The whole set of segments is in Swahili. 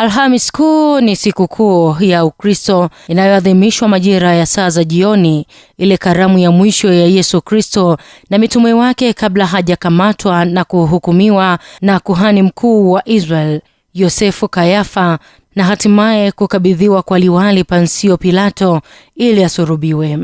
Alhamis Kuu ni siku kuu ya Ukristo inayoadhimishwa majira ya saa za jioni, ile karamu ya mwisho ya Yesu Kristo na mitume wake kabla hajakamatwa na kuhukumiwa na kuhani mkuu wa Israel Yosefu Kayafa na hatimaye kukabidhiwa kwa liwali Pansio Pilato ili asurubiwe.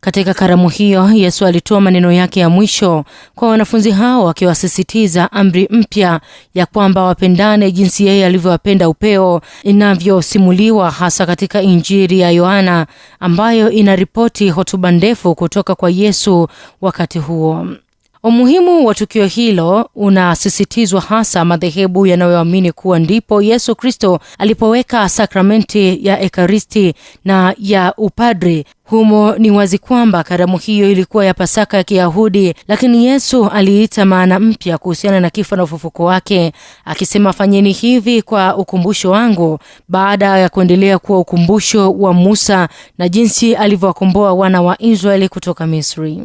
Katika karamu hiyo, Yesu alitoa maneno yake ya mwisho kwa wanafunzi hao akiwasisitiza amri mpya ya kwamba wapendane jinsi yeye alivyowapenda upeo inavyosimuliwa hasa katika Injili ya Yohana ambayo inaripoti hotuba ndefu kutoka kwa Yesu wakati huo. Umuhimu wa tukio hilo unasisitizwa hasa madhehebu yanayoamini kuwa ndipo Yesu Kristo alipoweka sakramenti ya Ekaristi na ya upadri. Humo ni wazi kwamba karamu hiyo ilikuwa ya Pasaka ya Kiyahudi, lakini Yesu aliita maana mpya kuhusiana na kifo na ufufuko wake, akisema, fanyeni hivi kwa ukumbusho wangu, baada ya kuendelea kuwa ukumbusho wa Musa na jinsi alivyowakomboa wana wa Israeli kutoka Misri.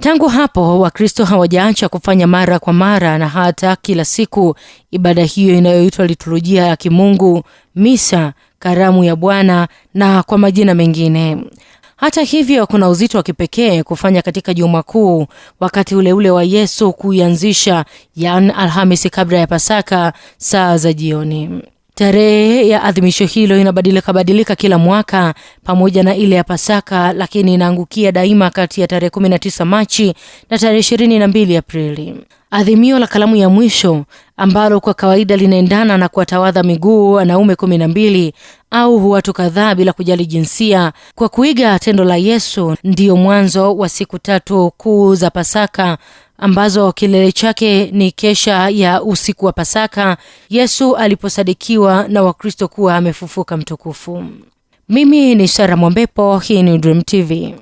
Tangu hapo Wakristo hawajaacha kufanya mara kwa mara na hata kila siku ibada hiyo inayoitwa liturujia ya kimungu, misa, karamu ya Bwana na kwa majina mengine. Hata hivyo kuna uzito wa kipekee kufanya katika Juma Kuu, wakati uleule ule wa Yesu kuianzisha, yaani Alhamisi kabla ya Pasaka, saa za jioni. Tarehe ya adhimisho hilo inabadilika badilika kila mwaka pamoja na ile ya Pasaka, lakini inaangukia daima kati ya tarehe 19 Machi na tarehe 22 Aprili. Adhimio la kalamu ya mwisho ambalo kwa kawaida linaendana na kuwatawadha miguu wanaume kumi na mbili au watu kadhaa bila kujali jinsia. Kwa kuiga tendo la Yesu, ndiyo mwanzo wa siku tatu kuu za Pasaka ambazo kilele chake ni kesha ya usiku wa Pasaka, Yesu aliposadikiwa na Wakristo kuwa amefufuka mtukufu. Mimi ni Sara Mwambepo, hii ni Dream TV.